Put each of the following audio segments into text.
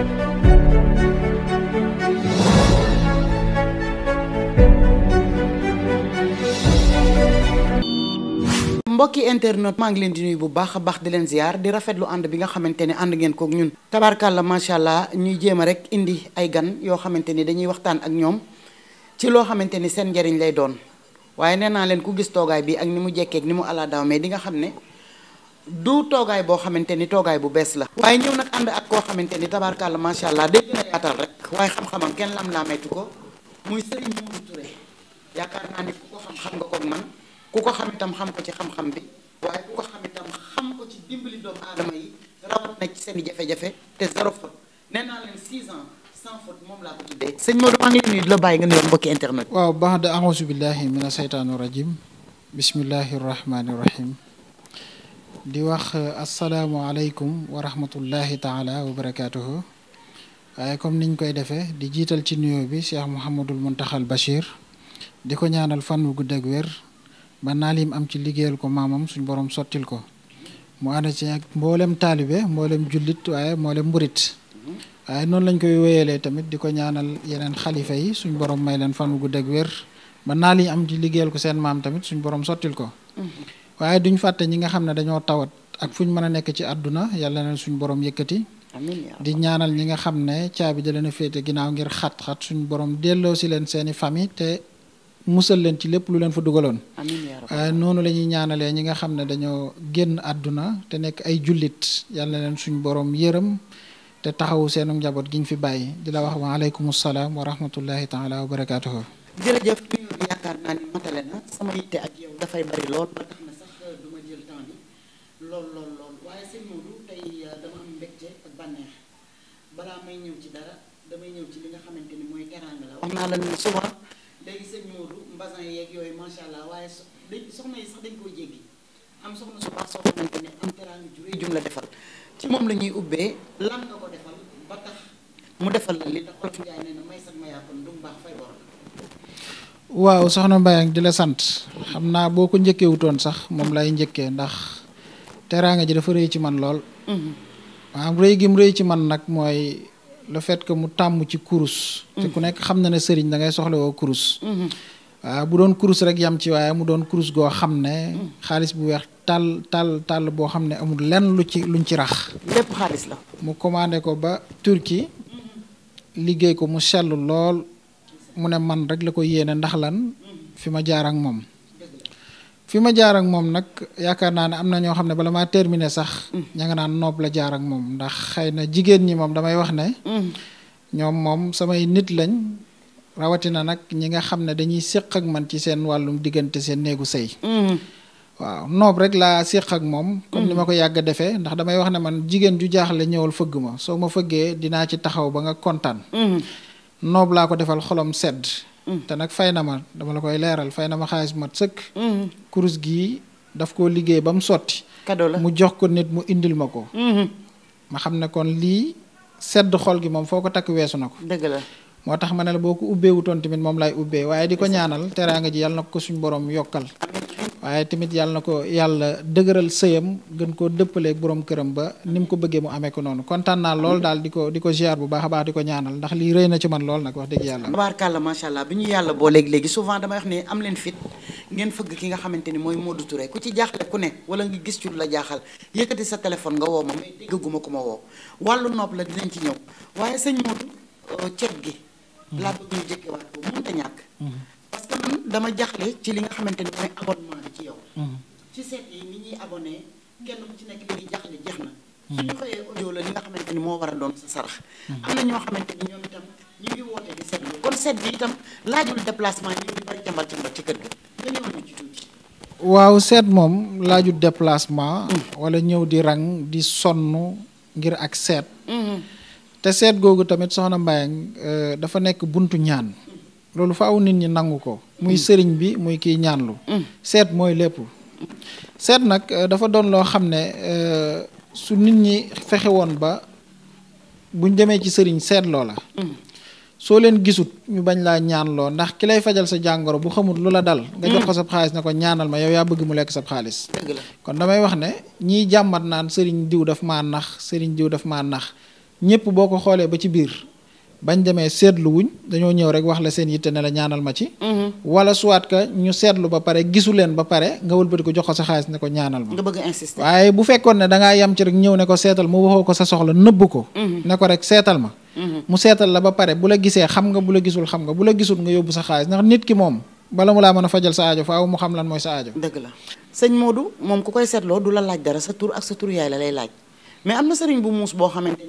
mbokki internet maa ngi leen di nuyu bu baax a baax di leen ziar di rafetlu ànd bi nga xamante ne ànd ngeen kook ñun la macha allah ñuy jéem a rek indi ay gan yoo xamante ni dañuy waxtaan ak ñoom ci loo xamante ni seen njariñ lay doon waaye nee naa leen ku gis toogaay bi ak ni mu jekkeek ni mu ala dinga xam ne du toogaay boo xamante ni toogaay bu bees la waaye ñëw nag ànd ak koo xamante ni tabaarkàlla macha allah day gën a yaatal rek waaye xam-xamam kenn lam laa maytu ko muy Serigne xam nga koog man ku ko xam itam ko ci xam bi waaye ku ko xam ci seen i jafe-jafe te zéro faute nee naa leen 6 ans sans faute moom laa ko tuddee. sëñ Modou maa ngi lay nuyu la bàyyi nga nuyoog mbokki internet. waaw baax da auzu billahi mina seytaani rajim bismillahi rahmaani rahim. di wax euh, asalaamualeykum wa rahmatullahi taala wa barakaatuhu waaye comme niñ koy defee di jiital ci nuyoo bi Cheikh Mouhamadul Muntaxal Bachir di ko ñaanal fan wu gudd ak wér ba naa am ci liggéeyal ko maamam suñ borom sottil ko mu ànd mboolem taalibe mboolem jullit waaye mboolem noonu lañ koy wéyalee tamit di ko ñaanal yeneen xalifa yi suñ borom may leen fan gudd wér ba naa li am ci liggéeyal ko seen maam tamit suñ borom sottil ko. Mm-hmm. waaye duñ fàtte ñi nga xam ne dañoo tawat ak fu ñu mën a nekk ci àdduna yàlla na suñu borom yëkkati. di ñaanal ñi nga xam ne caabi da leen a féete ginnaaw ngir xat-xat suñu boroom delloo si leen seeni famille te musal leen ci lépp lu leen fa dugaloon. amiin noonu la ñuy ñaanalee ñi nga xam ne dañoo génn àdduna te nekk ay jullit yàlla leen suñu borom yërëm te taxawu seenu njaboot gi ñu fi bàyyi di la wax wa aleykum salaam wa rahmatullahi taala wa barakaatuhu. damay ñëw ci damay ñëw ci li naa la ne souvent yooyu macha allah waaye la defal ci moom la ñuy defal ba tax na may waaw soxna Mbayang di la sant xam naa boo ko njëkkee wutoon sax moom lay njëkkee ndax teraanga ji dafa rëy ci man lool. waaw mhm. rëy gi rëy ci man nag mooy le fait que mu tàmm ci kurus. te ku mm-hmm. nekk xam na ne sëriñ dangay ngay woo kurus. Mm-hmm. waaw bu doon kurus rek yam ci waaye mu doon kurus goo xam ne. Mm. xaalis bu weex tàll tàll tàll boo xam ne amul lenn lu ci luñ ci rax. lépp xaalis la. mu commandé ko ba Turquie mm-hmm. liggéey ko mu sell lool mu ne man rek la ko yéene ndax lan fi ma jaar ak moom. fi ma jaar ak moom nag yaakaar naa ne am na ñoo xam ne bala maa termine sax. Mm. ña nga naan noob la jaar moom ndax xëy na jigéen ñi moom damay wax ne. Mm. ñoom moom samay nit lañ rawatina nag ñi nga xam ne dañuy séq ak man ci seen wàllum diggante seen néegu sëy. Mm. waaw noob rek laa séq ak moom. comme ni ma ko yàgg a defee ndax damay wax ne man jigéen ju jaaxle ñëwal fëgg ma soo ma fëggee dinaa ci taxaw ba nga kontaan. noob laa ko defal xolom sedd. Mm. te nag fay na ma dama la koy leeral fay na ma xaalis mat sëkk. Mm. kurus gi daf ko liggéey ba mu sotti. cadeau la mu jox ko nit mu indil ma ko. Mm-hmm. ma xam ne kon lii sedd xol gi moom foo ko takk weesu na ko. dëgg la moo tax ma ne la boo ko ubbeewutoon tamit moom lay ubbee waaye di ko ñaanal teraanga ji yàlla na ko suñu borom yokkal. waaye tamit yàlla na ko yàlla dëgëral sëyam gën koo dëppaleeg borom këram ba ni mu ko bëggee mu amee ko noonu kontaan naa lool daal di ko di ko ziar bu baax a baax di ko ñaanal ndax lii rëy na ci man lool nag wax dëgg yàlla. tabaarkàlla macha allah bi ñu yàlla boo léegi-léegi souvent dama wax ne am leen fit ngeen fëgg ki nga xamante mooy Modou Touré ku ci jaaxle ku ne wala nga gis ci lu la jaaxal yëkkati sa téléphone nga woo ma mais déggaguma ku ma woo wàllu nopp la dinañ ci ñëw waaye sëñ euh, Mm-hmm. ci seet yi ni ñuy abonné kenn ci na mm-hmm. suñu moo war a doon sa sarax mm-hmm. am na ñoo xamante ni ñoom itam ñu ngi woote di seet moom laajul déplacement wala ñëw di rang di sonn ngir ak seet te seet googu tamit soxna Mbayang euh, dafa nekk buntu ñaan loolu fa aw nit ñi nangu ko muy mm. sëriñ bi muy kii ñaanlu mm. seet mooy lépp seet nag euh, dafa doon loo xam ne euh, su nit ñi fexe woon ba buñ demee ci sëriñ seetloo la mm. soo leen gisut ñu bañ laa ñaanloo ndax ki lay fajal sa jàngoro bu xamul lu la dal nga jox ko sab xaalis ne ko ñaanal ma yow yaa bëgg mu lekk sab xaalis kon damay wax ne ñiy jàmbat naan sëriñ diw daf maa nax sëriñ diw daf maa nax ñépp boo ko xoolee ba ci biir bañ demee seetlu wuñ dañoo ñëw rek wax la seen yitte ne la ñaanal ma ci. Mm-hmm. wala soit que ñu seetlu ba pare gisu leen ba pare nga wëlbati ko jox ko sa xaalis ne ko ñaanal ma. nga bëgg insister waaye bu fekkoon ne da ngaa yam ci rek ñëw ne ko seetal mu waxoo ko sa soxla nëbb ko. Mm-hmm. ne ko rek seetal ma. Mm-hmm. mu seetal la ba pare bu la gisee xam nga bu la gisul xam nga bu la gisul nga yóbbu sa xaalis ndax nit ki moom bala mu laa mën a fajal sa aajo faaw mu xam lan mooy sa aajo. dëgg la sëñ Modou moom ku koy seetloo du la laaj sa tur ak sa tur yaay la lay laaj boo xamante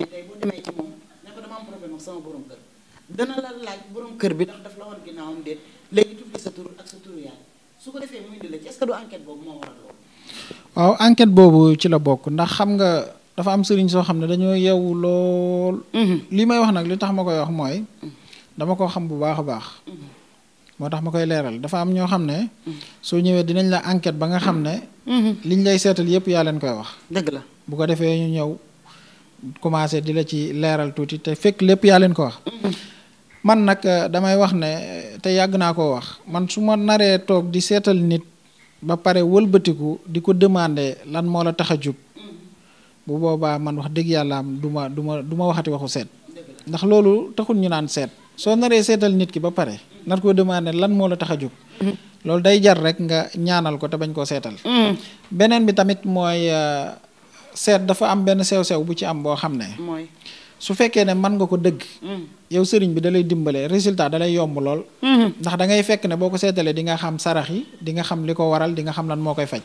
sama borom kër dana la kër bi ndax daf la woon ginnaawam déet léegi su ko defee muy di la ci est du enquête boobu moo waral loolu. waaw enquête boobu ci la bokk ndax xam nga dafa am sëriñ soo xam ne dañoo yeewu lool. Mhm. li may wax nag li tax ma koy wax mooy. Mhm. dama ko xam bu baax a baax. Mhm. moo tax ma koy leeral dafa am ñoo xam ne. soo ñëwee dinañ la enquête ba nga xam ne. liñ lay seetal yëpp yaa leen koy wax. bu ko defee ñu ñëw. commencé di la ci leeral tuuti te fekk lépp yaa leen ko wax. man nag euh, damay wax ne te yàgg naa ko wax man su ma naree toog di seetal nit ba pare wëlbatiku di ko demander lan moo la tax a jóg bu boobaa man wax dëgg yàlla am du ma du du ma waxati waxu seet. ndax loolu taxul ñu naan seet. soo naree seetal nit ki ba pare. nar koo demander lan moo la tax a jub. loolu day jar rek nga ñaanal ko te bañ koo seetal. Mm-hmm. beneen bi tamit mooy. Euh, seet dafa am benn sew-sew bu ci am boo xam ne su fekkee ne mën nga ko dëgg mm. yow sëriñ bi da lay dimbale résultat dalay yomb lool mm-hmm. ndax da ngay fekk ne boo ko seetalee di nga xam sarax yi di nga xam li ko waral di nga xam lan moo koy faj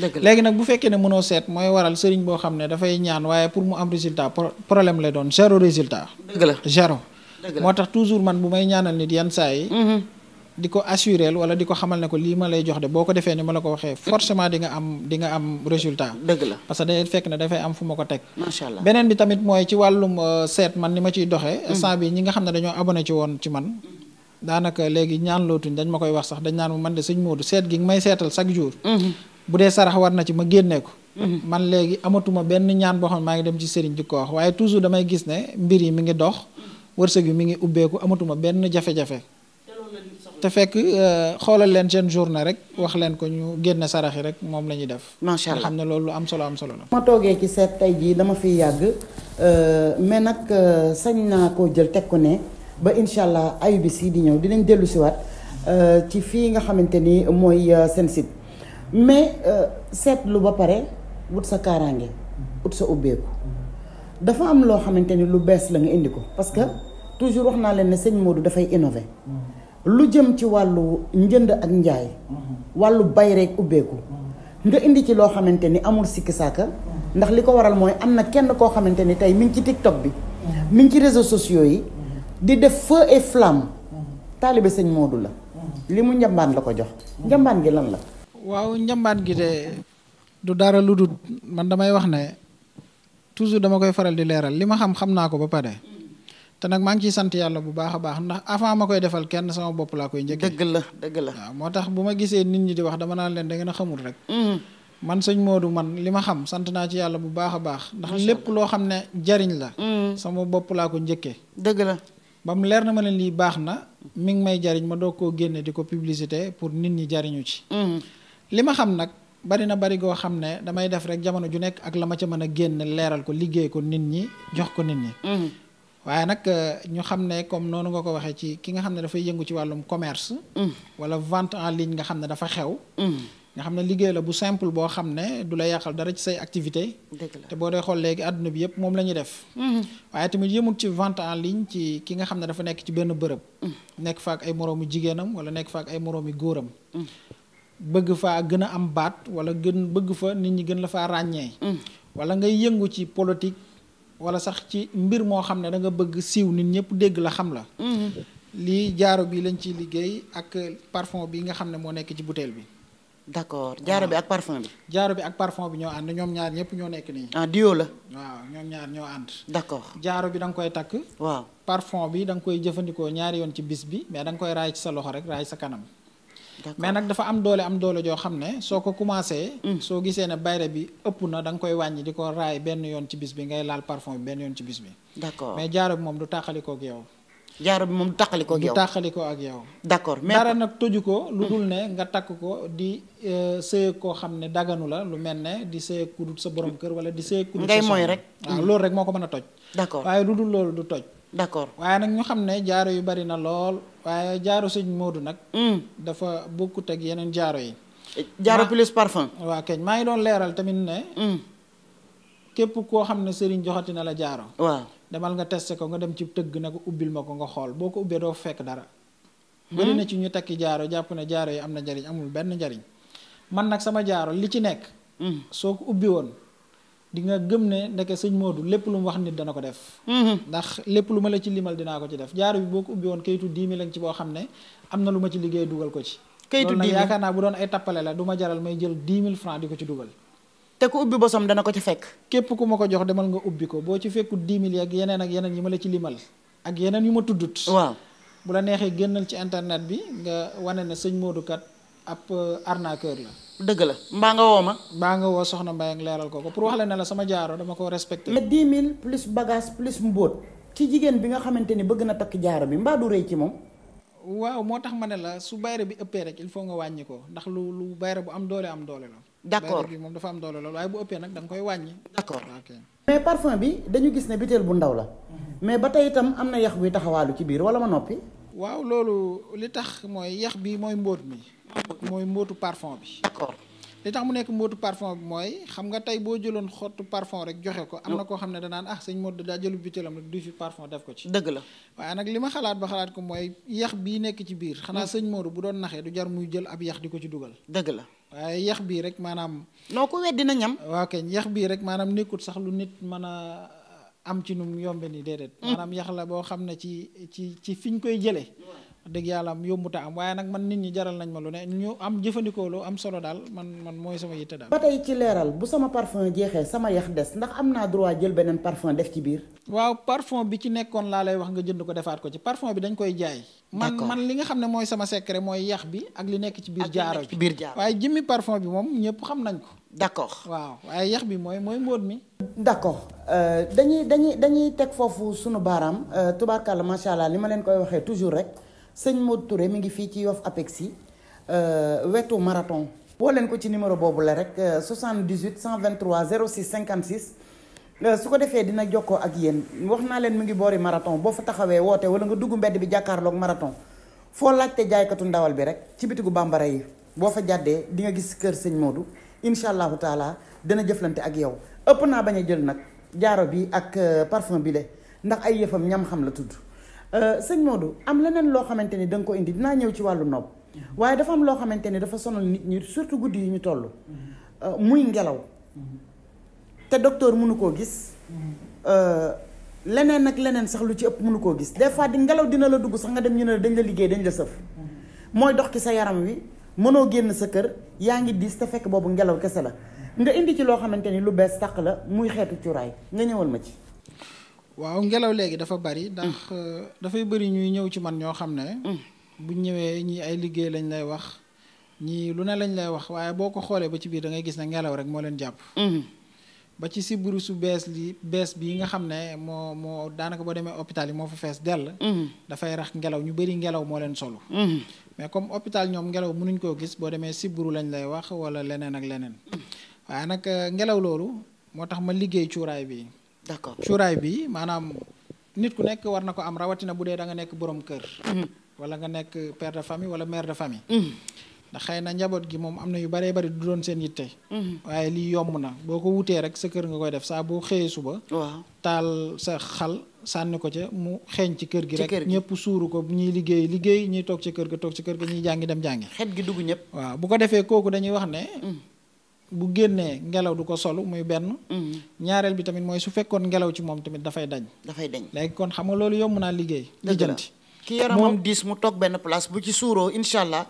léegi nag bu fekkee ne mënoo seet mooy waral sëriñ boo xam ne dafay ñaan waaye pour mu am résultat problème lay doon zéro résultat dëgg la zéro moo tax toujours man bu may ñaanal nit yenn saa yi mm-hmm. di ko assuré wala di ko xamal ne ko lii ma lay jox de boo ko defee ni ma la ko waxee forcément di nga am di nga am résultat. dëgg la parce que fekk na dafay am fu ma ko teg. macha allah beneen bi tamit mooy ci wàllum euh, seet man ni ma ciy doxee. Mm. instant bi ñi nga xam ne dañoo abonné ci woon ci man. daanaka léegi ñaan lootuñ dañ ma koy wax sax dañ naan man de sëñ Modou seet gi nga may seetal chaque jour. Mm-hmm. bu dee sarax war na ci ma génnee ko. Mm-hmm. man léegi amatuma benn ñaan boo xam ne maa ngi dem ci sëriñ ko waaye toujours damay gis ne mbir yi mi ngi dox wërsëg yi mi ngi ubbeeku amatuma benn jafe te fekk euh, xoolal leen seen na rek wax leen ko ñu génn sarax yi rek moom la ñuy def. macha allah xam ne loolu am solo am solo la. toogee ci seet tey jii dama fi yàgg euh, mais nag euh, sañ naa ko jël teg ko ne ba incha allah ayubis yi di ñëw dinañ dellu si waat ci fii nga xamante ni mooy seen sit mais seetlu ba pare wut sa kaaraange wut sa ubbeeku dafa am loo xamante ni lu bees la nga indi ko parce que toujours wax naa leen ne sëñ Modou dafay innover. lu jëm ci wàllu njënd ak njaay wàllu bay rek ubbeeku nga indi ci loo xamante ni amul sikki saaka ndax li ko waral mooy am na kenn koo xamante ni tey mi ngi ci tiktok bi mi ngi ci réseaux sociaux yi di def feu et flamme taalibe sëñ Modou la li mu njambaan la ko jox njambaan gi lan la waaw njambaan gi de du dara lu dul man damay wax ne toujours dama koy faral di leeral li ma xam xam naa ko ba pare te nag maa ngi ciy sant yàlla bu baax a baax ndax avant ma koy defal kenn sama bopp laa koy njëkk dëgg la dëgg la waaw moo tax bu ma gisee nit ñi di wax dama naan leen da ngeen a xamul rek mm-hmm. man sëñ Modou man li ma xam sant naa ci yàlla bu baax a baax ndax lépp loo xam ne jariñ la mm-hmm. sama bopp laa ko njëkkee dëgg la ba leer na ma ne lii baax na mi ngi may jariñ ma doog koo génne di ko publicité pour nit ñi jariñu ci mm-hmm. li ma xam nag bari na bari goo xam ne damay def rek jamono ju nekk ak la ma ca mën a génn leeral ko liggéey ko nit ñi jox ko nit ñi waaye nag euh, ñu xam ne comme noonu nga ko waxee ci ki nga xam ne dafay yëngu ci wàllum commerce. Mm. wala vente en ligne nga xam ne dafa xew. Mm. nga xam ne liggéey la bu simple boo xam ne du la yàqal dara ci say activité te boo dee xool léegi àdduna bi yëpp moom la ñuy def. Mm. waaye tamit yëmut ci vente en ligne ci ki nga xam ne dafa nekk ci benn bërëb. nekk fa ak ay moroomi jigéenam wala nekk fa ak ay moroomi góoram. bëgg faa gën a am baat wala gën bëgg fa nit ñi gën la faa ràññee. wala ngay yëngu ci politique. wala sax ci mbir moo xam ne da nga bëgg siw nit ñëpp dégg la xam la. Mm-hmm. lii jaaro bi lañ ciy liggéey ak parfum bi nga xam ne moo nekk ci butéel bi. d'accord jaaro bi ak parfum bi. jaaro bi ak parfum bi ñoo ànd ñoom ñaar ñëpp ñoo nekk nii. ah duo la. waaw ñoom ñaar ñoo ànd. d'accord jaaro bi da nga koy takk. waaw parfum bi da koy jëfandikoo ñaari yoon ci bis bi mais da koy raay ci sa loxo rek raay sa kanam. mais nag dafa am doole am doole joo xam ne soo ko commencé. Mm. soo gisee ne bayre bi ëpp na da nga koy wàññi di ko raay benn yoon ci bis bi ngay laal parfum bi benn yoon ci bis bi. d'accord mais jaaro bi moom du tàqalikoo ak yow. jaaro bi moom du tàqalikoo ak yow du tàqalikoo ak yow. d'accord mais dara nag toju ko. lu dul mm. ne nga takk ko di euh, sëyeeg koo xam ne daganu la lu mel ne di sëyeeg ku sa borom kër wala di sëyeeg. ku sa ngay mooy rek. waaw loolu rek moo ko mën a toj. d'accord waaye lu dul loolu du toj. d'accord waaye nag ñu xam ne jaaro yu bari na lool waaye jaaro sëñ moodu nag. Hmm. dafa bokkut ak yeneen jaaro yi. Eh, jaaro plus parfum. waa keñ maa ngi doon leeral tamit ne. Hmm. képp koo xam ne sëriñ joxati na la jaaro. waaw demal nga teste ko nga dem ci tëgg na ko ubbil ma ko nga xool boo ko ubbee doo fekk dara. Hmm. bëri na ci ñu takki jaaro jàpp ne jaaro yi am na njariñ amul benn njariñ man nag sama jaaro li ci nekk. soo ko ubbi woon. di nga gëm ne ndeke sëñ Modou lépp lu mu wax nit dana ko def. Mm-hmm. ndax lépp lu ma la ci limal dinaa ko ci def jaar bi boo ko ubbi woon kayitu dix mille lañ boo xam ne am na lu ma ci liggéey dugal ko ci. kayitu dix mille yaakaar naa bu doon ay tappale du ma jaral may jël dix mille francs di ko ci dugal. te ku ubbi bosom dana ko ci fekk. képp ku ma ko jox demal nga ubbi ko boo ci fekku dix mille ak yeneen ak yeneen yi ma la ci limal ak yeneen yu ma tuddut. waaw bu la neexee génnal ci internet bi nga wane ne sëñ Modou kat. ab euh, arnaqueur la. dëgg la mbaa nga woo ma. mbaa nga woo soxna Mbaye ak leeral ko pour wax la ne la sama jaaro dama ko respecté. mais 10 000 plus bagage plus mbóot ci jigéen bi nga xamante ni bëgg na takk jaaro bi mbaa du rëy ci moom. waaw moo tax ma ne la su bayre bi ëppee rek il faut nga wàññi ko ndax lu lu bu am doole am doole la. d'accord bayre bi moom dafa am doole la waaye bu ëppee nag da nga koy wàññi. d'accord mais parfum bi dañu gis ne butéel bu ndaw la. Mhm. mais ba tey itam am na yax buy taxawaalu ci biir wala ma noppi. mi. mooy mbóotu parfum bi. li tax mu nekk mbóotu parfum bi mooy xam nga tey boo jëloon xottu parfum rek joxe ko. am na koo xam ne danaan ah sëñ Modou daa jëlu butéelam rek du fi parfum def ko ci. dëgg la waaye nag li ma xalaat ba xalaat ko mooy yax bii nekk ci biir. xanaa mm. sëñ Modou bu doon naxee du jar muy jël ab yax di ko ci dugal. dëgg la. waaye bii rek maanaam. noo ko weddi na ñam. waaw kay yax bii rek maanaam nekkut sax lu nit mën a am ci nu mu yombe ni déedéet. Mm. maanaam yax la boo xam ne ci ci ci fi koy jëlee. dëgg yàlla am yombuta am waaye nag man nit ñi jaral nañ ma lu ne ñu am jëfandikoo am solo daal man man mooy sama yitte daal. ba tey ci leeral bu sama parfum jeexee sama yax des ndax am naa droit jël beneen parfum def ci biir. waaw parfum bi ci nekkoon laa lay wax nga jënd ko defaat ko ci parfum bi dañ koy jaay. man man li nga xam ne mooy sama secret mooy yax bi ak li nekk ci biir. jaaro bi biir jaaro waaye jëmmi parfum bi moom ñëpp xam nañ ko. d'accord waa waaye yax bi mooy mooy mbóot mi. d'accord euh, dañuy dañuy dañuy teg foofu sunu baaraam euh, tubaarkàlla macha allah li ma leen koy waxee toujours rek sëñ Modou Touré mi ngi fii ci Yoff Apexi euh, wetu marathon woo leen ko ci numéro boobu la rek 78 123 06 56 su ko defee dina jokkoo ak yéen wax naa leen mu ngi boori maraton boo fa taxawee woote wala nga dugg mbedd bi jàkkaarloog marathon foo laajte jaaykatu ndawal bi rek ci bitigu bambara yi boo fa jàddee di nga gis kër sëñ moodu incha allahu taala dana jëflante ak yow ëpp naa bañ a jël nag jaaro bi ak euh, parfum bi de ndax ay yëfam ñam xam la tudd Euh, sëñ Modou am leneen loo xamante ni da nga ko indi dinaa ñëw ci wàllu nopp waaye dafa am loo xamante ni dafa sonal nit ñi surtout guddi yi ñu toll euh, muy ngelaw te docteur mënu koo gis euh, leneen ak leneen sax lu ci ëpp mënu koo gis des fois di ngelaw dina la dugg sax nga dem ñu ne dañ la liggéey dañ la sëf mooy dox ci sa yaram wi mënoo génn sa kër yaa ngi diis te fekk boobu ngelaw kese la nga indi ci loo xamante ni lu bees tàq la muy xeetu cuuraay nga ñëwal ma ci waaw ngelaw léegi dafa bari ndax mm. euh, dafay bari ñuy ñëw ci man ñoo xam ne mm. buñ ñëwee ñii ay liggéey lañ lay wax ñii lu ne lañ lay wax waaye boo ko xoolee ba ci biir da ngay gis ne ngelaw rek moo leen jàpp mm. ba ci sibiru su bees li bees bii nga xam ne moo moo daanaka boo demee hôpital yi moo fa fees dell dafay rax ngelaw ñu bëri ngelaw moo leen solo mais comme hôpital ñoom ngelaw mënuñ koo gis boo demee sibiru lañ lay wax wala leneen ak leneen waaye nag euh, ngelaw loolu moo tax ma liggéey cuuraay bi d'accord cuuraay bi maanaam nit ku nekk war na ko am rawatina bu dee da nga nekk borom kër. Mhm. wala nga nekk père de famille wala mère de famille. Mhm. ndax xëy na njaboot gi moom am na yu bëree bëri du doon seen yitte. Mhm. waaye li yomb na boo ko wutee rek sa kër nga koy def saa boo xëyee suba. waaw taal sa xal sànni ko ca mu xeeñ ci kër gi. rek ñëpp suuru ko ñiy liggéey liggéey ñiy toog ci kër ga toog ci kër ga ñiy jàngi dem jàngi. xet gi dugg ñëpp. waaw bu ko defee kooku dañuy wax bu génnee ngelaw du ko solu muy benn. Mm-hmm. ñaareel bi tamit mooy su fekkoon ngelaw ci moom tamit dafay dañ. dafay dañ léegi kon xam nga loolu yomb naa liggéey. lijjanti ki yaramam diis mu toog benn place bu ci suuroo incha allah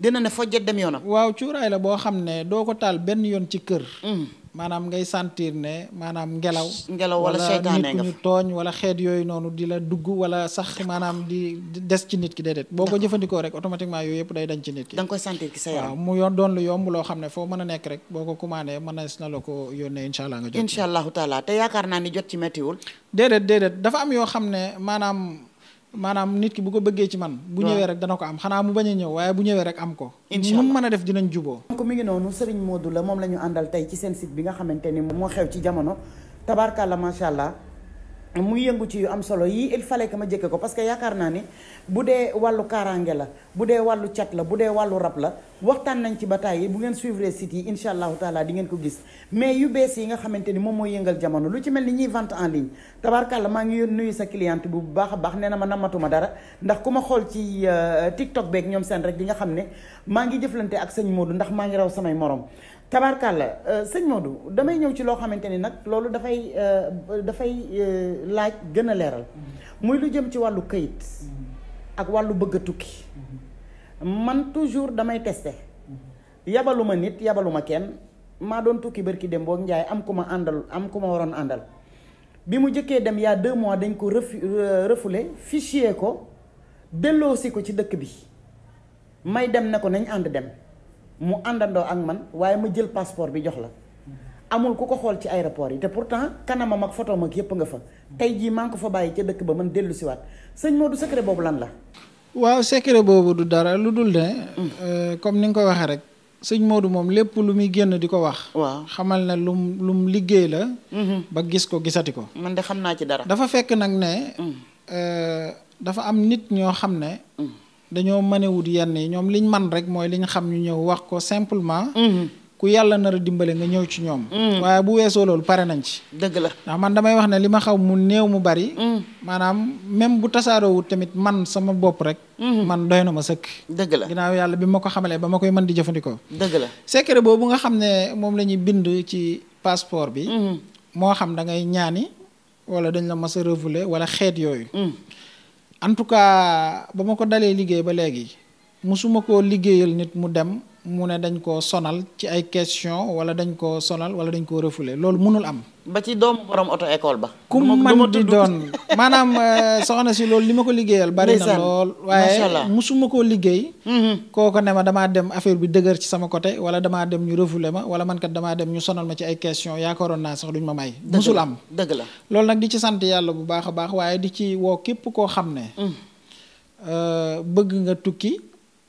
dina ne fojjet dem yoonam. waaw cuuraay la boo xam ne doo ko taal benn yoon ci kër. Mm-hmm. maanaam ngay sentir ne maanaam ngelaw. ngelaw wala seytaane nga wala ñu tooñ wala xeet yooyu noonu di la dugg wala sax maanaam di des ci nit ki déedéet. boo ko jëfandikoo rek automatiquement yooyu yëpp day dañ ci nit ki. da nga koy sentir ci sa yaram mu doon lu yomb loo xam ne foo mën a nekk rek boo ko commandé mën na la ko yónnee incha allah nga jot. incha te yaakaar naa ni jot ci méttiwul. déedéet déedéet dafa am yoo xam ne maanaam maanaam nit ki bu ko bëggee ci man bu ñëwee rek dana ko am xanaa mu bañ a ñëw waaye bu ñëwee rek am ko nu mu mën a def dinañ juboo ko mi ngi noonu Serigne Modou la moom la ñu àndal tey ci seen site bi nga xamante ni moo xew ci jamono tabarkalla macha allah muy yëngu ci yu am solo yii il fallait ma jëkke ko parce que yaakaar naa ni bu dee wàllu kaaraange la bu dee wàllu cat la bu dee wàllu rab la waxtaan nañ ci bataay yi bu ngeen suivre site yi incha allahu taala di ngeen ko gis mais yu bees yi nga xamante ni moom mooy yëngal jamono lu ci mel ni ñuy vente en ligne tabarkàlla maa ngi nuyu sa cliente bu baax a baax nee na ma namatuma dara ndax ku ma xool ci euh, TikTok beeg ñoom seen rek di nga xam ne maa ngi jëflante ak sëñ Modou ndax maa ngi samay morom tabarkàlla euh, sëñ Modou damay ñëw ci loo xamante ni nag loolu dafay euh, dafay euh, laaj gën a leeral muy lu jëm ci wàllu kayit ak wàllu bëgg a tukki man toujours damay testé yabalu ma nit yabalu ma kenn maa doon tukki barki dem boog njaay am ku ma àndal am ku ma waroon àndal bi mu njëkkee dem yaa deux mois dañ ko refu refoulé fichier ko delloosi ko ci dëkk bi may dem ne ko nañ ànd dem mu àndandoo ak man waaye ma jël passeport bi jox la amul ku ko xool ci aéroport yi te pourtant kanamam ak photo mag yépp nga fa tey jii maa ngi ko fa bàyyi ca dëkk ba man dellu siwaat sëñ Modou secret boobu lan la waaw secret boobu du dara lu dul mm. euh, comme ni nga ko waxee rek sëñ Modou moom lépp lu muy génn di ko wax waaw xamal ne lu lum liggéey la mm-hmm. ba gis ko gisati ko man de xam naa ci dara dafa fekk nag ne mm. euh, dafa am nit ñoo xam ne mm. dañoo wut yenn yi ñoom liñ man rek mooy liñ xam ñu ñëw wax ko simplement mhm. ku yàlla nar a dimbale nga ñëw ci ñoom mhm. waaye bu weesoo loolu pare nañ ci dëgg la ndax man damay wax ne li ma xaw mu néew mu bari mhm. maanaam même bu tasaaroowut tamit man sama bopp rek man doy na ma sëkk dëgg la ginnaaw yàlla bi ma ko xamalee ba ma koy mën di jëfandikoo dëgg la secret boobu nga xam ne moom la ñuy bind ci passeport bi moo xam da ngay ñaani wala dañ la mas a wala xeet yooyu en tout cas ba ma ko dalee liggéey ba léegi musuma koo liggéeyal nit mu dem mu ne dañ koo sonal ci ay question wala dañ koo sonal wala dañ koo refule loolu mënul am. ba ci doomu borom oto école ba. ku man di doon maanaam euh, soxna si loolu li ma ko liggéeyal. bari na lool waaye musuma koo liggéey. Mm-hmm. kooko ne ma damaa dem affaire bi dëgër ci sama côté wala damaa dem ñu refoulé ma wala man kat damaa dem ñu sonal ma ci ay question yaakaaroon naa sax duñ ma may. musul am dëgg la loolu nag di ci sant yàlla bu baax baax waaye di ci woo képp koo xam ne. Mm. Euh, nga tukki.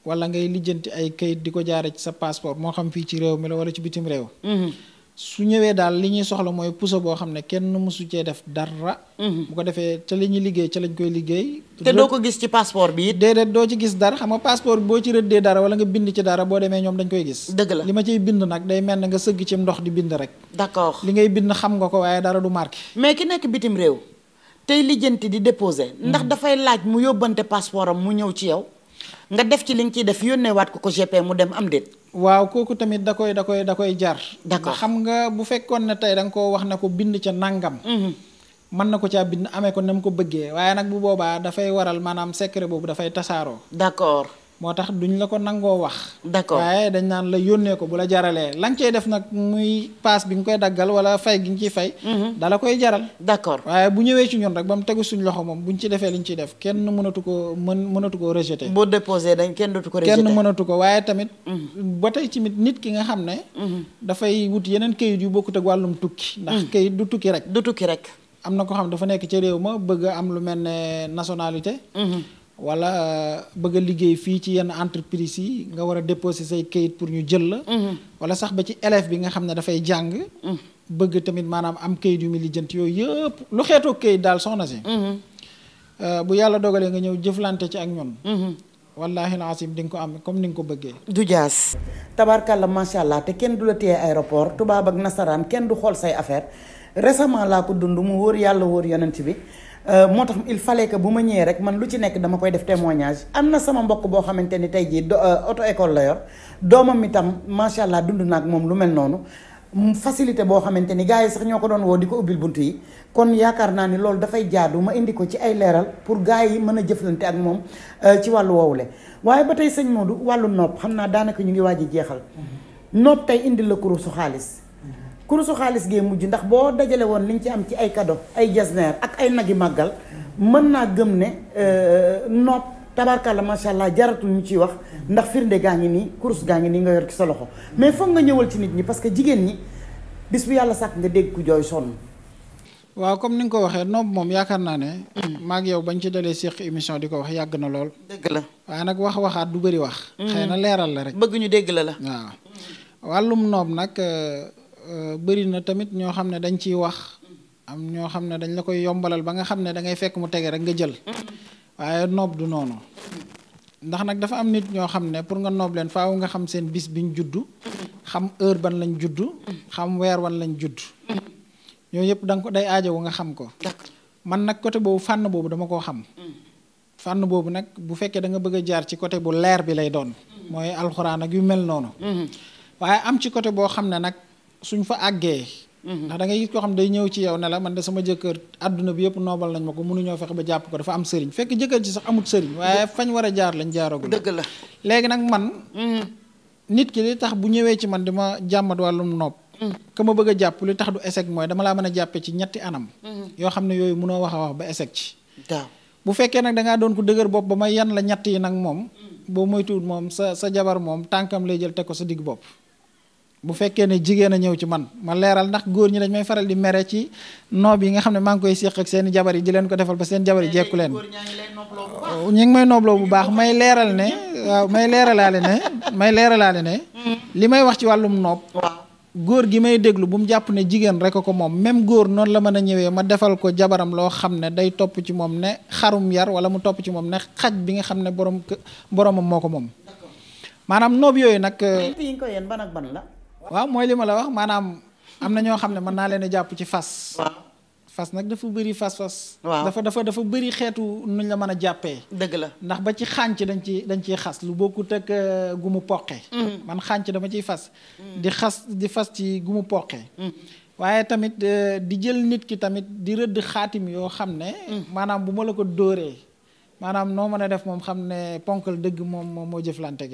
wala ngay lijjanti ay kayit di ko jaare ci sa passeport moo xam fii ci réew mi la wala ci bitim réew. Mm-hmm. su ñëwee daal li ñuy soxla mooy puso boo xam ne kenn mësu cee def dara. Mm-hmm. bu ko defee ca li ñuy liggéey ca lañ koy liggéey. te doo ko gis ci passeport bi it. déedéet doo ci gis dara xam nga passeport boo ci rëddee dara wala nga bind ci dara boo demee ñoom dañ koy gis. dëgg la li ma ciy bind nag day mel ne nga sëgg ci ndox di bind rek. d'accord li ngay bind xam nga ko waaye dara du marqué. mais ki nekk bitim réew. tey lijjanti di déposé. ndax mm-hmm. dafay laaj mu yóbbante passeport am mu ñëw ci yow. nga def ci li nga ciy def yónnee waat ko ko GP mu dem am déet. waaw kooku tamit da koy da koy da koy jar. d'accord xam nga bu fekkoon ne tey da nga koo wax na ko bind ca nangam. Mhm. mën na ko caa bind amee ko na mu ko bëggee waaye nag bu boobaa dafay waral maanaam secret boobu dafay tasaaroo. d'accord. moo tax duñ la ko nangoo wax. d'accord waaye dañ naan la yónnee ko bu la jaralee la nga cey def nag muy paas bi nga koy daggal wala fay gi ñu ciy fay. Mhm. dala koy jaral. d'accord waaye bu ñëwee ci ñun rek ba mu tegu suñ loxo moom bu buñ ci defee liñ ciy def kenn mënatu ko mën mënatu koo rejeté. boo déposé dañ kenn dootu ko rejeté kenn mënatu ko waaye tamit. Mhm. ba tey tamit nit ki nga xam ne. Mhm. dafay wut yeneen kayit yu bokkut ak wàllum tukki. ndax kayit du tukki rek. du tukki rek. am na ko xam dafa nekk ci réew ma bëgg am lu mel ne nationalité. wala bëgg a liggéey fii ci yenn entreprise yi nga war a déposer say kayit pour ñu jël la. Mhm. wala sax ba ci élève bi nga xam ne dafay jàng. Mhm. bëgg tamit maanaam am kayit yu mu lijjant yooyu yëpp lu xeetoo kayit daal soxna si. Mhm. Euh, bu yàlla dogalee nga ñëw jëflante ci ak ñun. wallaahi laasim di nga ko am comme ni nga ko bëggee. du jaas. tabarkalla macha allah te kenn du la téye aéroport tubaab ak nasaraan kenn du xool say affaire récemment laa ko dund mu wóor yàlla wóor yonent bi. Euh, moo tax il fallait bu ma ñëwee rek man lu ci nekk dama koy def témoignage am na sama mbokk boo xamante ni tey jii euh, auto école la yor doomam itam macha allah dund naag moom lu mel noonu facilité boo xamante ni gars yi sax ñoo ko doon woo di ko ubbil bunt yi kon yaakaar naa ni loolu dafay jaadu ma indi ko ci ay leeral pour gars yi mën a jëflante ak moom euh, ci wàllu le waaye ba tey sëñ Modou wàllu nopp xam naa daanaka ñu ngi waaj a jeexal mm-hmm. nopp tey indi la kurusu xaalis kurusu xaalis gee mujj ndax boo dajale woon liñ ci am ci ay kado ay jasneer ak ay nagi màggal mën naa gëm ne euh, nopp tabarkalla macha allah jaratul ñu ciy wax ndax firnde gaa ngi nii kurus gaa ngi nii nga yor ci sa loxo mais foog nga ñëwal ci nit ñi parce que jigéen ñi bis bu yàlla sàkk nga dégg ku jooy sonn waaw comme ni nga ko waxee noob moom yaakaar naa ne maag yow bañ ci dalee séq émission di ko wax yàgg na lool dégg la waaye nag wax waxaat du bëri wax mm. leeral la rek bëgg ñu dégg la la Euh, bëri na tamit ñoo xam ne dañ ciy wax am ñoo xam ne dañ la koy yombalal ba nga xam ne dangay fekk mu tege rek nga jël waaye noob du noonu ndax nag dafa am nit ñoo xam ne pour nga noob leen faaw nga xam seen bis ñu juddu xam heure ban lañ juddu xam weer wan lañ judd yooyu yëpp da nga ko day aajowu nga xam ko man nag côté boobu fànn boobu dama koo xam fànn boobu nag bu fekkee da nga bëgg a jaar ci côté bu leer bi lay doon mm. mooy alxuraan ak yu mel noonu mm-hmm. waaye am ci côté boo suñ fa àggee. Mm-hmm. ndax da ngay gis koo xam day ñëw ci yow ne la man de sama jëkkër àdduna bi yëpp noobal nañ ma ko mënuñoo fexe ba jàpp ko dafa am sëriñ fekk jëkkër ci sax amut sëriñ waaye fañ war a jaar lañ jaaragul. dëgg la léegi nag man. Mm-hmm. nit ki li tax bu ñëwee ci man di ma jàmmat wàllum noob. Mm-hmm. ka ma bëgg a jàpp li tax du échec mooy dama laa mën a jàppee ci ñetti anam. yoo xam ne yooyu mënoo wax ba échec ci. bu fekkee nag da doon ko dëgër bopp ba ma yan la ñett yi nag moom. boo moytuwul moom sa sa jabar moom tànkam lay jël teg ko sa digg bopp bu fekkee ne jigéen a ñëw ci man ma leeral ndax góor ñi dañ may faral di mere ci noob yi nga xam ne maa ngi koy séq ak seen jabar yi di leen ko defal ba seen jabar yi jekku leen ñi ngi may noobloo bu baax may leeral ne waaw may leeralaale ne may leeralaale ne li may wax ci wàllum noob góor gi may déglu bu mu jàpp ne jigéen rek a ko moom même góor noonu la mën a ñëwee ma defal ko jabaram loo xam ne day topp ci moom ne xarum yar wala mu topp ci moom ne xaj bi nga xam ne borom boromam moo ko moom maanaam yooyu nag euh, ban ak ban la waaw mooy li ma la wax maanaam am na ñoo xam ne mën naa leen a jàpp ci fas. fas nag dafa bëri fas fas. dafa dafa dafa bëri xeetu nuñ la mën a jàppee. dëgg la ndax ba ci xànc dañ ci dañ ciy xas lu bokkut ak euh, gumu poqe. Mm-hmm. man xànc dama ciy fas. Mm-hmm. di xas di fas ci gumu poqe. Mm-hmm. waaye tamit euh, di jël nit ki tamit di rëdd xaatim yoo xam ne. Mm. maanaam bu ma la ko dóoree. maanaam noo mën a def moom xam ne ponkal dëgg moom moo jëflante ak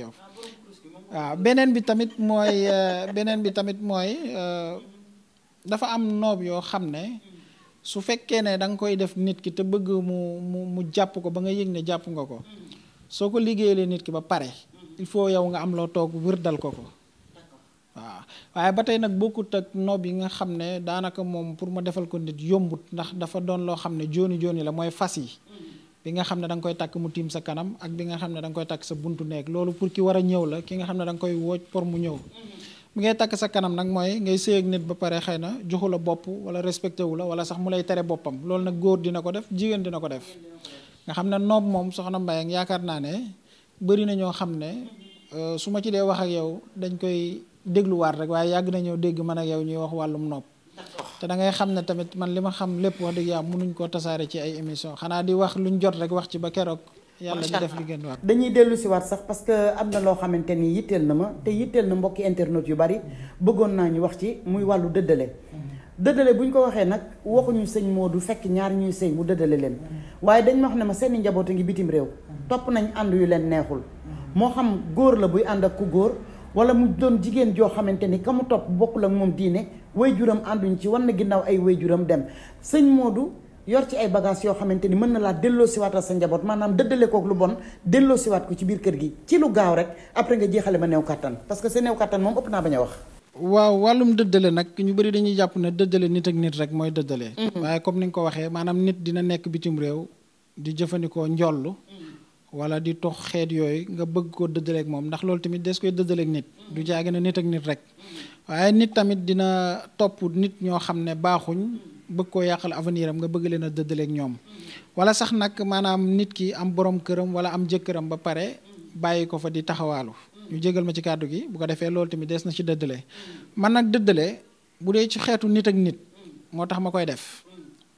waaw beneen bi tamit mooy euh, beneen bi tamit mooy euh, dafa am noob yoo xam ne su fekkee ne da nga koy def nit ki te bëgg mu mu mu jàpp ko ba nga yëg ne jàpp nga ko soo ko liggéeyee nit ki ba pare il faut yow nga am loo toog wërdal ko ko waaw waaye ba tey nag bokkut ak noob yi nga xam ne daanaka moom pour ma defal ko nit yombut ndax dafa doon loo xam ne jooni jooni la mooy fas yi. bi nga xam ne da nga koy takk mu tiim sa kanam ak bi nga xam ne danga koy takk sa buntu néeg loolu pour ki war a ñëw la ki nga xam ne danga koy wooj pour mu ñëw bi ngay takk sa kanam nag mooy ngay sëy ak nit ba pare xëy na joxu la bopp wala respecté wu la wala sax mu lay tere boppam loolu nag góor dina ko def jigéen dina ko def nga xam ne noob moom soxna Mbayang yaakaar naa ne bëri na ñoo xam ne euh, su ma ci dee wax ak yow dañ koy dégluwaat rek waaye yàgg nañoo dégg man ak yow ñuy wax wàllum noob te da ngay xam ne tamit man li ma xam lépp wax dëgg yàlla munuñ koo tasaare ci ay émission xanaa di wax luñ jot rek wax ci ba keroog. yàlla ñu def li waat dañuy dellu si waat sax que am na xamante ni yitteel na ma te yitteel na mbokki internet yu bari bëggoon naa ñu wax ci muy wàllu dëddale. dëddale bu ñu ko waxee nag waxuñu sëñ Modou fekk ñaar ñuy sëy mu dëddale leen waaye dañ wax ne ma seen i njaboot a ngi bitim réew topp nañ ànd yu leen neexul moo xam góor la buy ànd ak ku góor wala mu doon jigéen joo xamante ni ka mu topp bokkul ak moom diine wayjuram ànduñ ci wan na ginnaaw ay wayjuram dem sëñ Modou yor ci ay bagages yoo xamante ni mën na laa delloo siwaatal sa njaboot maanaam dëddale kook lu bon delloo siwaat ko ci biir kër gi ci lu gaaw rek après nga jeexale ma néew parce que sa néew kàttan moom ëpp naa bañ a wax waaw wàllum dëddale nag ñu bëri dañuy jàpp na dëddale nit ak nit rek mooy dëddale mm-hmm. waaye comme ni nga ko waxee maanaam nit dina nekk bitim réew di jëfandikoo njollu mm-hmm. wala di tox xeet yooyu nga bëgg koo dëddaleeg moom ndax loolu tamit des koy dëddaleeg nit mm-hmm. du jaage ne nit ak rek waaye nit tamit dina topp nit ñoo xam ne baaxuñ bëgg koo yàqal avenir am nga bëgg leen a dëddaleeg ñoom wala sax nag maanaam nit ki am borom këram wala am jëkkëram ba pare bàyyi ko fa di taxawaalu ñu jégal ma ci kàddu gi bu ko defee loolu tamit des na ci dëddale man nag dëddale bu dee ci xeetu nit ak nit moo tax ma koy def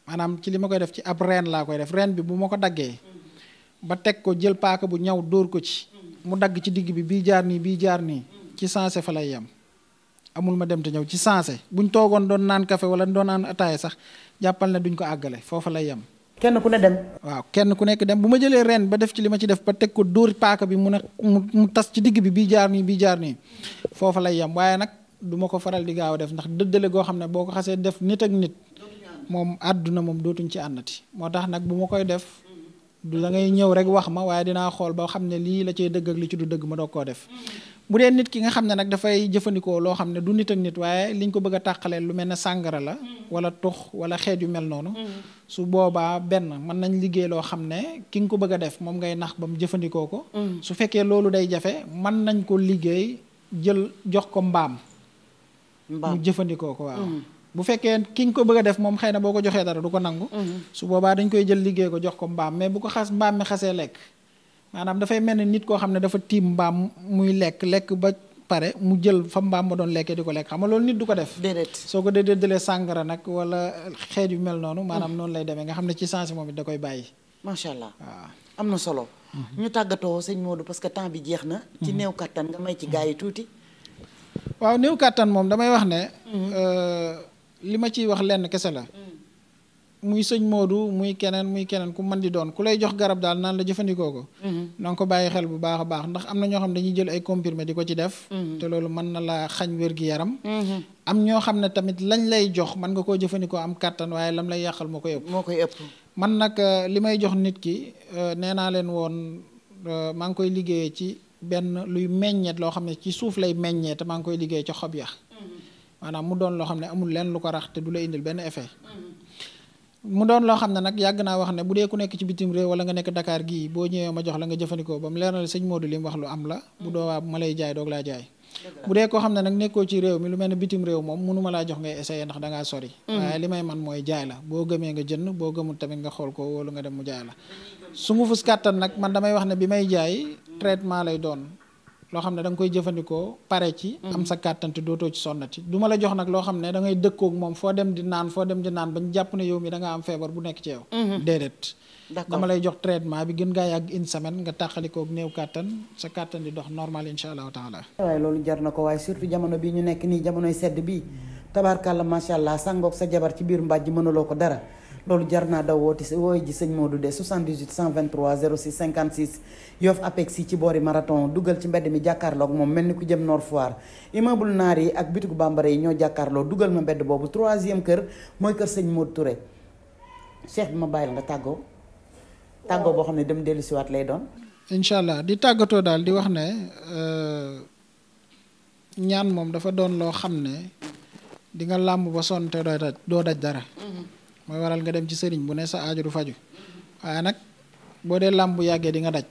maanaam ci li ma koy def ci ab reen laa koy def reen bi bu ma ko daggee ba teg ko jël paaka bu ñaw dóor ko ci mu dagg ci digg bi bii jaar nii bii jaar nii ci sensé fa lay yem amul ma dem te ñëw ci sensé buñ toogoon doon naan café wala doon naan ataaya sax jàppal na duñ ko àggale foofa lay yem. kenn ku ne dem. waaw kenn ku nekk dem bu ma jëlee ren ba def ci li ma ci def ba teg ko dóor paaka bi mu ne mu tas ci digg bi bi jaar nii bi jaar nii foofa lay yem waaye nag duma ko faral di gaaw a def ndax dëddale goo xam ne boo ko xasee def nit ak nit moom àdduna moom dootuñ ci àndati moo tax nag bu ma koy def. du da ngay ñëw rek wax ma waaye dinaa xool ba xam ne lii la cay dëgg ak ci du dëgg ma koo def bu dee nit ki nga xam ne nag dafay jëfandikoo loo xam ne du nit ak nit waaye liñ ko bëgg tàqalee lu mel ne sàngara la mm. wala tux wala xeet yu mel noonu mm. su boobaa benn mën nañ liggéey loo xam ne ki nga ko bëgg a def moom ngay nax ba mu jëfandikoo ko mm. su fekkee loolu day jafe mën nañ ko liggéey jël jox ko mbaam mu jëfandikoo ko waaw bu fekkee ki ko bëgg def moom xëy na boo ko joxee dara du ko nangu su boobaa dañ koy jël liggéey ko jox ko mbaam mais bu ko xas mbaam mi xasee lekk maanaam dafay mel ni nit koo xam ne dafa tiim mbaam muy lekk lekk ba pare mu jël fa mbaam ma doon lekkee di ko lekk xam nga loolu nit du ko def soo ko déedéet dalee sàngara nag wala xeet yu mel noonu maanaam noonu lay demee nga xam ne ci sens moom it da koy bàyyi macha allah waaw am na solo mhm. ñu tàggatoo sëñ Modou parce que temps bi jeex na ci mhm. new kàttan nga may ci gaa yi mhm. tuuti waaw néew kàttan moom damay wax ne euh, li ma ciy wax lenn kese la muy sëñ Modou muy keneen muy keneen ku mën di doon ku lay jox garab daal naan la jëfandikoo ko. Mm-hmm. na ko bàyyi xel bu baax a baax ndax am na ñoo xam dañuy jël ay comprimé di ko ci def. Mm-hmm. te loolu mën na laa xañ wér gi yaram. Mm-hmm. am ñoo xam ne tamit lañ lay jox mën nga koo jëfandikoo am kàttan waaye lam lay yàqal moo koy moo koy man nag euh, li may jox nit ki euh, nee naa leen woon euh, maa ngi koy liggéeyee ci benn luy meññeet loo xam ne ci suuf lay meññee te maa ngi koy liggéey ca xob ya maanaam mu doon loo xam ne amul lenn lu ko rax te du la indil benn effet. mu doon loo xam ne nag yàgg naa wax ne bu dee ku nekk ci bitim réew wala nga nekk Dakar gii boo ñëwee ma jox la nga jëfandikoo ba mu leer na la sëñ Modou li mu wax lu am la bu doowaa mm. ma lay jaay doog laa jaay bu dee koo xam ne nag nekkoo ci réew mi lu mel ne bitim réew moom mënuma laa jox ngay essayé ndax dangaa sori mm. waaye li may man mooy jaay la boo gëmee nga jënd boo gëmul tamit nga xool ko wóolu nga dem mu jaay la su ngu fus kàttan nag man damay wax ne bi may jaay traitement lay doon loo xam ne da nga koy jëfandikoo pare ci. Mm-hmm. am sa kàttan te dootoo ci sonnati du ma la jox nag loo xam ne da ngay dëkkoog moom foo dem di naan foo dem di naan bañ jàpp ne yow mi danga am feebar bu nekk ci yow. Mm-hmm. déedéet. dama lay jox traitement bi gën ngaa yàgg une semaine nga tàqalikoog new kàttan sa kàttan di dox normal incha allahu taala. waaye loolu jar na ko waaye surtout jamono bii ñu nekk nii jamonoy sedd bii tabaarkàlla macha allah sangoog sa jabar ci biir mbàjj mënuloo ko dara. loolu jar naa daw wooti wooy ji sëñ Modou de 78 123 06 56 Yoff Apex yi ci boori marathon dugal ci mbedd mi jàkkaarloog moom mel ni ku jëm Nord Foire immeuble naar yi ak bitigu bambara yi ñoo jàkkaarloo dugal ma mbedd boobu troisième kër mooy kër sëñ Modou Touré cheikh bi ma bàyyil nga tàggoo tàggoo boo xam ne dem dellu waat lay doon incha allah di tàggatoo daal di wax ne euh, ñaan moom dafa doon loo xam ne di nga làmb ba sonn te doo daj dara mm-hmm. mooy waral nga dem ci sëriñ bu ne sa aaju du faju waaye nag boo dee làmb bu yàggee di nga daj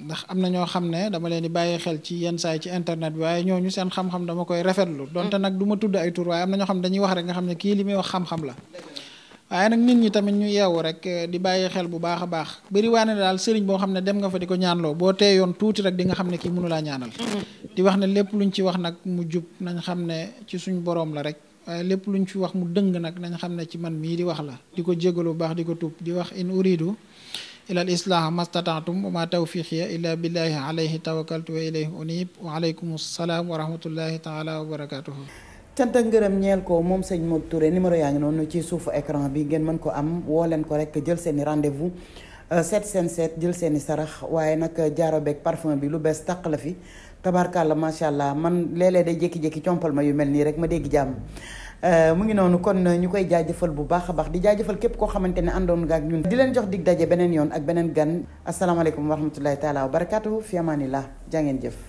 ndax am na ñoo xam ne dama leen di bàyyi xel ci yenn saay ci internet bi waaye ñooñu seen xam dama koy rafetlu donte nag du tudd ay tur waaye am xam ne dañuy wax rek nga xam ne kii li muy wax la waaye nag nit ñi tamit ñu yeewu rek eh, di bàyyi xel bu baax a baax bëri waane daal sëriñ boo xam ne dem nga fa di ko ñaanloo boo teeyoon tuuti rek dinga xam ne kii mënu laa ñaanal mm-hmm. di wax ne lépp lu ñu ci wax nag mu jub nañ xam ne ci suñ boroom la rek waaye lépp ñu fi wax mu dëng nag nañ xam ne ci man mii di wax la di ko jégalu baax di ko tuub di wax in uridu ila al islaah mastataatum wa ma tawfiqiya illa billahi alayhi tawakkaltu wa ilayhi unib wa aleykum salaam wa rahmatullahi taala wa barakatuhu cant ak ngërëm ñeel ko moom sëñ Modou ture numéro yaa ngi noonu ci suufu écran bi ngeen mën ko am woo leen ko rek jël seen i rendez-vous euh, seet seen seet jël seen i sarax waaye nag jaaro beeg parfum bi lu bees tàq la fi tabarkàlla macha allah man léeg-léeg day jékki-jékki yu mel nii rek ma dégg jàmm Euh, mu ngi noonu kon ñu koy jaajëfal bu baax a baax di jëfal képp koo xamante ne àndoon nga ak ñun di leen jox dig daje beneen yoon ak beneen gan asalaamaaleykum wa rahmatullahi taala wa barakatuhu fi amaanillah jaa ngeen jëf